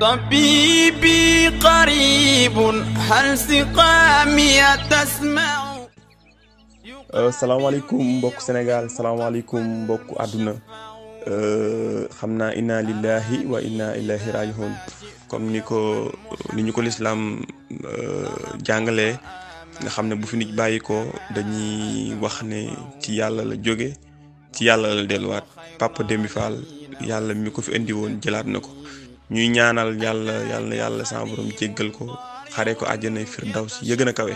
طبيبي قريب هل سقامي تسمع salaamaaleykum mbokk Sénégal salaamaaleykum mbokk àdduna xam naa inna lillahi wa inna ilayhi rajiun comme ni ko ni ñu ko lislaam jàngalee nga xam ne bu fi nit bàyyi ko dañuy wax ne ci yàlla la jóge ci yàlla la delluwaat Papa Demba yàlla mi ko fi indiwoon jëlaat na ko ñuy ñaanal yàlla yàlla yàlla sama borom jéggal ko xare ko àjjana si yëg na kawe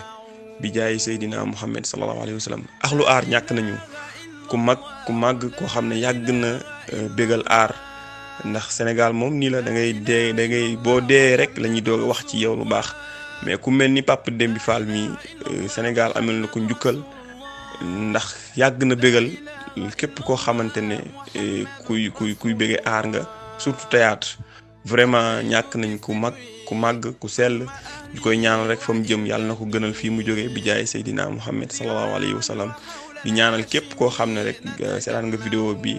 bi jaay Seydina Muhammad sallallahu alayhi wa sallam axlu aar ñàkk nañu ku mag ku màgg koo xam ne yàgg na euh, bégal aar ndax Sénégal moom nii la da ngay dee da boo dee rek lañuy ñuy wax ci yow lu baax mais ku mel ni Papa Demba Fall mi euh, Sénégal amel na ko njukkal ndax yàgg na bégal képp koo xamante ne eh, kuy kuy kuy bége aar nga surtout théâtre vraiment ñàkk nañ ku mag ku màgg ku sell ñu koy ñaanal rek fa mu jëm yàlla na ko gënal fii mu jógee bi jaay Seydina Muhammad sallallahu alayhi wa sallam di ñaanal képp koo xam ne rek eh, seetaan nga vidéo bi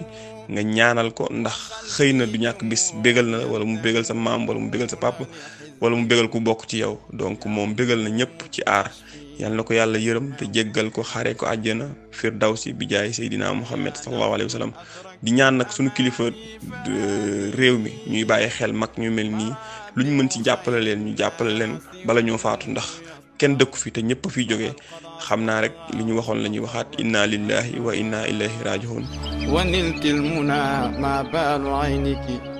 nga ñaanal ko ndax xëy na du ñàkk bis bégal na la wala mu bégal sa maam wala mu bégal sa pàpp wala mu bégal ku bokk ci yow donc moom bégal na ñëpp ci aar yàlla na ko yàlla yërëm te jéggal ko xare ko àjjana firdawsi bi jaay seydina muhammad sallallahu alayhi wa sallam di ñaan nag suñu kilifa euh, réew mi ñuy bàyyi xel mag ñu mel nii lu ñu mën ci jàppale leen ñu jàppale leen bala ñoo faatu ndax kenn dëkku fi te ñëpp fiy jógee xam naa rek li ñu waxoon la ñuy waxaat inna lillahi wa inna ilayhi rajiun waniltil muna ma baalu ayniki